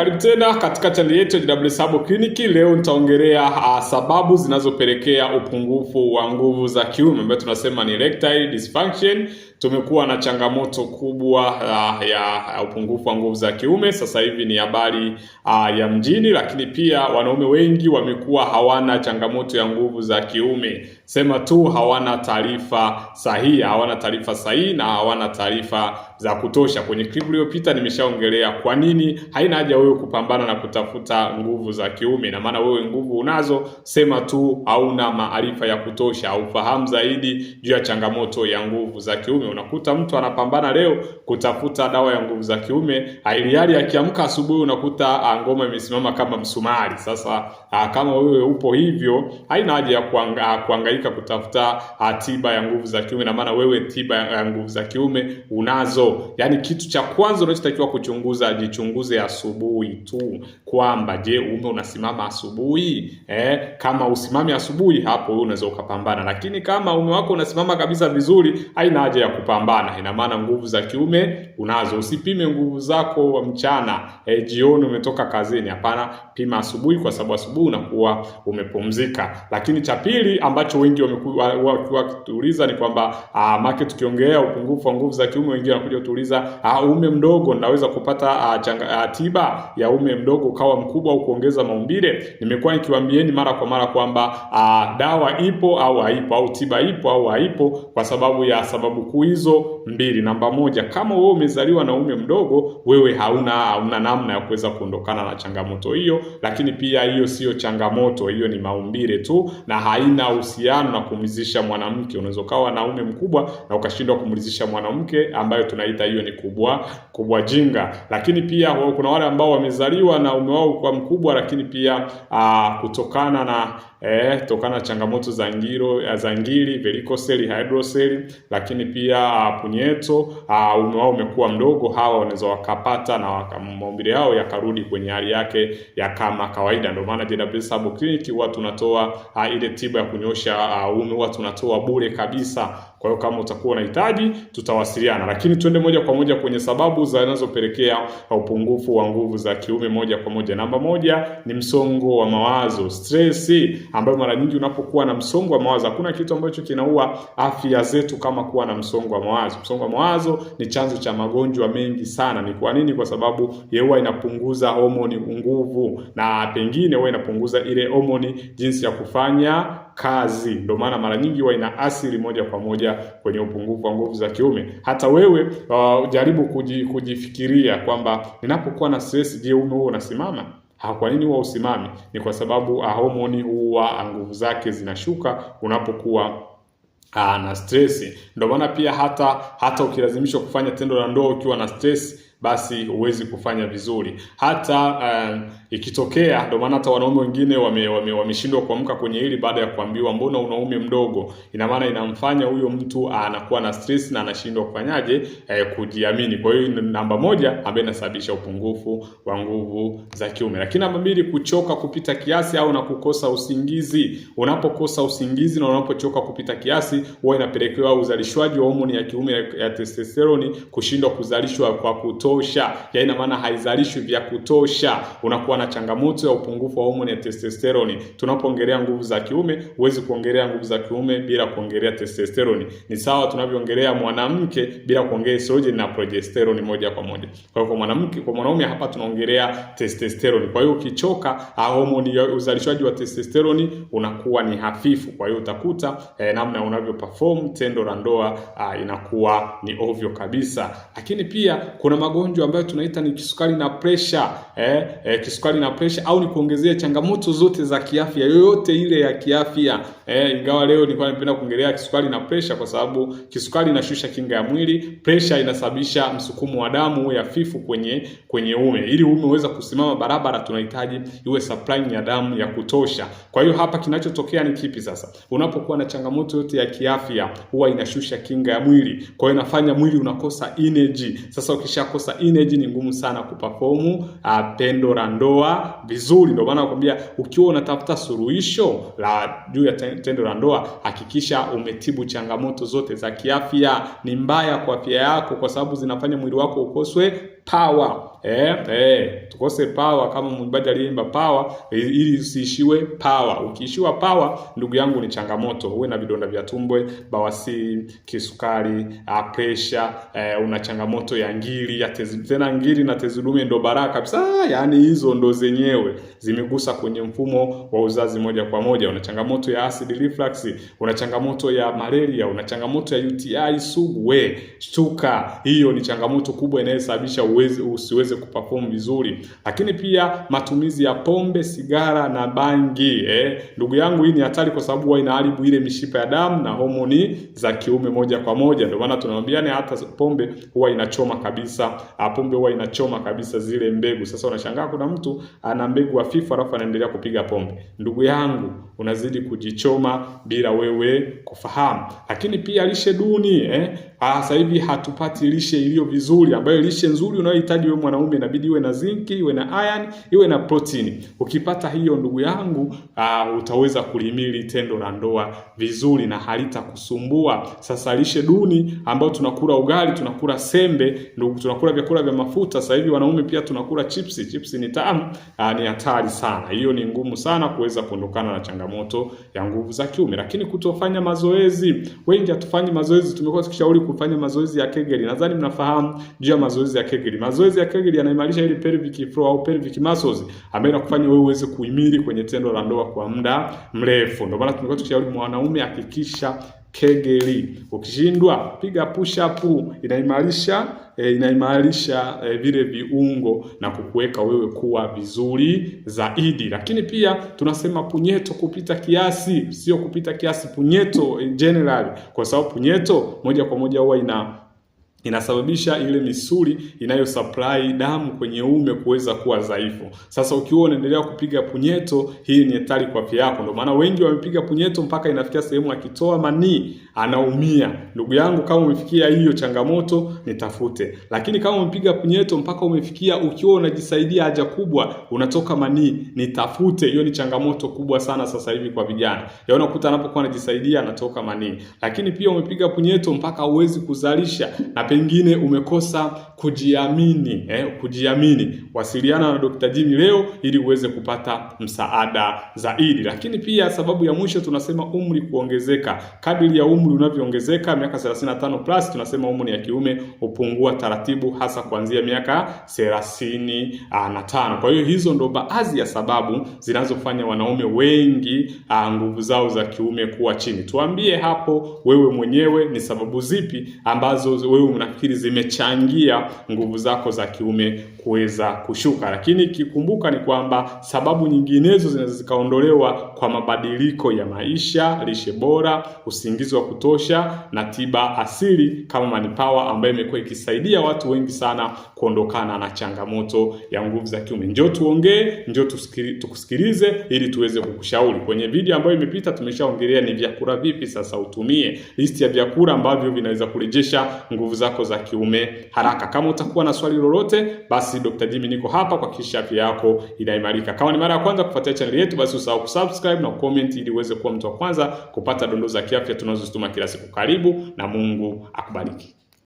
Karibu tena katika chaneli yetu ya JW Sabo Kliniki. Leo nitaongelea uh, sababu zinazopelekea upungufu wa nguvu za kiume ambayo tunasema ni erectile dysfunction tumekuwa na changamoto kubwa uh, ya upungufu wa nguvu za kiume. Sasa hivi ni habari uh, ya mjini, lakini pia wanaume wengi wamekuwa hawana changamoto ya nguvu za kiume, sema tu hawana taarifa sahihi, hawana taarifa sahihi na hawana taarifa za kutosha. Kwenye clip iliyopita nimeshaongelea kwa nini haina haja wewe kupambana na kutafuta nguvu za kiume, na maana wewe nguvu unazo, sema tu hauna maarifa ya kutosha, haufahamu zaidi juu ya changamoto ya nguvu za kiume. Unakuta mtu anapambana leo kutafuta dawa ya nguvu za kiume, ailiali akiamka asubuhi unakuta ah, ngoma imesimama kama msumari. Sasa ah, kama wewe upo hivyo, haina haja ya kuanga, ah, kuangaika kutafuta tiba ya nguvu za kiume, na maana wewe tiba ya nguvu za kiume unazo. Yani kitu cha kwanza unachotakiwa kuchunguza, jichunguze asubuhi tu kwamba je, ume unasimama asubuhi? Eh, kama usimami asubuhi, hapo wewe unaweza ukapambana, lakini kama ume wako unasimama kabisa vizuri, haina haja ya kupambana. Ina maana nguvu za kiume unazo. Usipime nguvu zako wa mchana e, jioni umetoka kazini. Hapana, pima asubuhi, kwa sababu asubuhi unakuwa umepumzika. Lakini cha pili ambacho wengi wamekuwa ni kwamba ah, maki, tukiongelea upungufu wa nguvu za kiume, wengi wanakuja kutuuliza ah, ume mdogo, naweza kupata a, ah, changa, a, tiba ya ume mdogo ukawa mkubwa au kuongeza maumbile? Nimekuwa nikiwaambieni mara kwa mara kwamba dawa ipo au haipo au tiba ipo au haipo, kwa sababu ya sababu kuu hizo mbili. Namba moja, kama wewe umezaliwa na ume mdogo, wewe hauna hauna namna ya kuweza kuondokana na changamoto hiyo, lakini pia hiyo siyo changamoto, hiyo ni maumbile tu na haina uhusiano na kumridhisha mwanamke. Unaweza ukawa na ume mkubwa na ukashindwa kumridhisha mwanamke, ambayo tunaita hiyo ni kubwa kubwa jinga. Lakini pia kuna wale ambao wamezaliwa na ume wao kwa mkubwa, lakini pia aa, ah, kutokana na eh, tokana na changamoto za ngiro za ngiri velikoseli hydroseli, lakini pia ah, punyeto ah, ume wao umekuwa mdogo, hawa wanaweza wakapata na maumbile yao yakarudi kwenye hali yake ya kama kawaida. Ndio maana JW Sabo Clinic huwa tunatoa ah, ile tiba ya kunyosha ume huwa tunatoa bure kabisa. Kwa hiyo kama utakuwa unahitaji tutawasiliana, lakini tuende moja kwa moja kwenye sababu zinazopelekea upungufu wa nguvu za kiume moja kwa moja. Namba moja ni msongo wa mawazo, stress, ambayo mara nyingi unapokuwa na msongo wa mawazo, hakuna kitu ambacho kinaua afya zetu kama kuwa na msongo wa mawazo. Msongo wa mawazo ni chanzo cha magonjwa mengi sana. Ni kwa nini? Kwa sababu huwa inapunguza homoni nguvu, na pengine huwa inapunguza ile homoni jinsi ya kufanya kazi. Ndio maana mara nyingi huwa ina athiri moja kwa moja kwenye upungufu wa nguvu za kiume. Hata wewe uh, jaribu kuji, kujifikiria kwamba ninapokuwa na stress, je, uume huo unasimama? kwa nini huwa usimami? Ni kwa sababu uh, homoni huwa nguvu zake zinashuka unapokuwa Aa, uh, na stress. Ndio maana pia hata hata ukilazimishwa kufanya tendo la ndoa ukiwa na stress basi huwezi kufanya vizuri hata uh, ikitokea. Ndio maana hata wanaume wengine wameshindwa wame, wame kuamka kwenye hili baada ya kuambiwa mbona unaume mdogo. Ina maana inamfanya huyo mtu anakuwa na stress na anashindwa kufanyaje, eh, kujiamini. Kwa hiyo namba moja ambaye inasababisha upungufu wa nguvu za kiume. Lakini namba mbili, kuchoka kupita kiasi au na kukosa usingizi. Unapokosa usingizi na unapochoka kupita kiasi, huwa inapelekewa uzalishwaji wa homoni ya kiume ya testosterone kushindwa kuzalishwa kwa kuto kutosha, ya ina maana haizalishwi vya kutosha, unakuwa na changamoto ya upungufu wa homoni ya testosterone. Tunapoongelea nguvu za kiume, huwezi kuongelea nguvu za kiume bila kuongelea testosterone. Ni sawa tunavyoongelea mwanamke bila kuongelea estrogen na progesterone moja kwa moja. Kwa hiyo kwa mwanamke, kwa mwanaume hapa tunaongelea testosterone. Kwa hiyo ukichoka, ah, homoni ya uzalishaji wa testosterone unakuwa ni hafifu, kwa hiyo utakuta eh, namna unavyo perform tendo la ndoa ah, inakuwa ni ovyo kabisa, lakini pia kuna magonjwa magonjwa ambayo tunaita ni kisukari na presha eh, eh, kisukari na presha au ni kuongezea changamoto zote za kiafya yoyote ile ya kiafya eh, ingawa leo nilikuwa napenda kuongelea kisukari na presha kwa sababu kisukari inashusha kinga ya mwili, presha inasababisha msukumo wa damu ya fifu kwenye kwenye ume. Ili ume uweze kusimama barabara, tunahitaji iwe supply ya damu ya kutosha. Kwa hiyo hapa kinachotokea ni kipi sasa? Unapokuwa na changamoto yote ya kiafya, huwa inashusha kinga ya mwili, kwa hiyo inafanya mwili unakosa energy. Sasa ukishakosa sasa energy ni ngumu sana kuperform uh, tendo la ndoa vizuri. Ndio maana nakwambia ukiwa unatafuta suluhisho la juu ya tendo la ndoa, hakikisha umetibu changamoto zote za kiafya. Ni mbaya kwa afya yako, kwa sababu zinafanya mwili wako ukoswe power eh, eh, tukose power kama mwimbaji aliimba power, eh, ili usiishiwe power. Ukiishiwa power, ndugu yangu, ni changamoto, uwe na vidonda vya tumbo, bawasiri, kisukari, ah, pressure, eh, una changamoto ya ngiri ya tezi, tena ngiri na tezi dume ndo baraka kabisa, ah, Yani hizo ndo zenyewe zimegusa kwenye mfumo wa uzazi moja kwa moja. Una changamoto ya acid reflux, una changamoto ya malaria, una changamoto ya UTI sugu, we shtuka, hiyo ni changamoto kubwa inayosababisha uwezi usiweze ziweze kuperform vizuri. Lakini pia matumizi ya pombe, sigara na bangi eh. Ndugu yangu, hii ni hatari kwa sababu inaharibu ile mishipa ya damu na homoni za kiume moja kwa moja. Ndio maana tunaambiana hata pombe huwa inachoma kabisa, ah, pombe huwa inachoma kabisa zile mbegu. Sasa unashangaa kuna mtu ana mbegu hafifu alafu anaendelea kupiga pombe. Ndugu yangu, unazidi kujichoma bila wewe kufahamu. Lakini pia lishe duni eh. Ah, sasa hivi hatupati lishe iliyo vizuri, ambayo lishe nzuri unayohitaji wewe mwanaume inabidi iwe na zinki, iwe na iron, iwe na protein. Ukipata hiyo ndugu yangu, ah, utaweza kulimili tendo la ndoa vizuri na halitakusumbua. Sasa lishe duni ambayo tunakula ugali, tunakula sembe, ndugu, tunakula vyakula vya mafuta. Sasa hivi wanaume pia tunakula chipsi. Chipsi ni tamu, ah, ni hatari sana. Hiyo ni ngumu sana kuweza kuondokana na changamoto ya nguvu za kiume, lakini kutofanya mazoezi. Wengi hatufanyi mazoezi, tumekuwa tukishauri kufanya mazoezi ya Kegel. Nadhani mnafahamu juu ya mazoezi ya Kegel. Mazoezi ya Kegel yanaimarisha ile pelvic floor au pelvic muscles ambayo inakufanya wewe uweze kuhimili kwenye tendo la ndoa kwa muda mrefu. Ndio maana tumekuwa tukishauri mwanaume hakikisha kegeli. Ukishindwa piga push up, inaimarisha e, inaimarisha e, vile viungo na kukuweka wewe kuwa vizuri zaidi. Lakini pia tunasema punyeto kupita kiasi, sio kupita kiasi, punyeto in eh, general, kwa sababu punyeto moja kwa moja huwa ina inasababisha ile misuli inayo supply damu kwenye uume kuweza kuwa dhaifu. Sasa ukiwa unaendelea kupiga punyeto, hii ni hatari kwa afya yako. Ndio maana wengi wamepiga punyeto mpaka inafikia sehemu akitoa manii anaumia. Ndugu yangu, kama umefikia hiyo changamoto nitafute, lakini kama umepiga punyeto mpaka umefikia ukiwa unajisaidia haja kubwa unatoka manii nitafute, hiyo ni changamoto kubwa sana sasa hivi kwa vijana. Yaani unakuta anapokuwa anajisaidia anatoka manii, lakini pia umepiga punyeto mpaka huwezi kuzalisha na pengine umekosa kujiamini eh, kujiamini, wasiliana na Dr. Jimmy leo ili uweze kupata msaada zaidi. Lakini pia sababu ya mwisho tunasema umri kuongezeka. Kadiri ya umri unavyoongezeka, miaka 35 plus, tunasema umri ya kiume hupungua taratibu, hasa kuanzia miaka 35. Kwa hiyo hizo ndo baadhi ya sababu zinazofanya wanaume wengi ah, nguvu zao za kiume kuwa chini. Tuambie hapo wewe mwenyewe ni sababu zipi ambazo wewe unafikiri zimechangia nguvu zako za kiume kuweza kushuka. Lakini kikumbuka ni kwamba sababu nyinginezo zinaweza zikaondolewa kwa mabadiliko ya maisha, lishe bora, usingizi wa kutosha na tiba asili kama Manipawa ambayo imekuwa ikisaidia watu wengi sana kuondokana na changamoto ya nguvu za kiume. Njoo tuongee, njoo tukusikilize ili tuweze kukushauri. Kwenye video ambayo imepita tumeshaongelea ni vyakula vipi sasa utumie, listi ya vyakula ambavyo vinaweza kurejesha nguvu zako za kiume haraka. Kama utakuwa na swali lolote basi basi Dr. Jimmy niko hapa kwa kisha afya yako inaimarika. Kama ni mara ya kwanza kufuatia chaneli yetu, basi usahau kusubscribe na comment ili uweze kuwa mtu wa kwanza kupata dondoo za kiafya tunazozituma kila siku. Karibu na Mungu akubariki.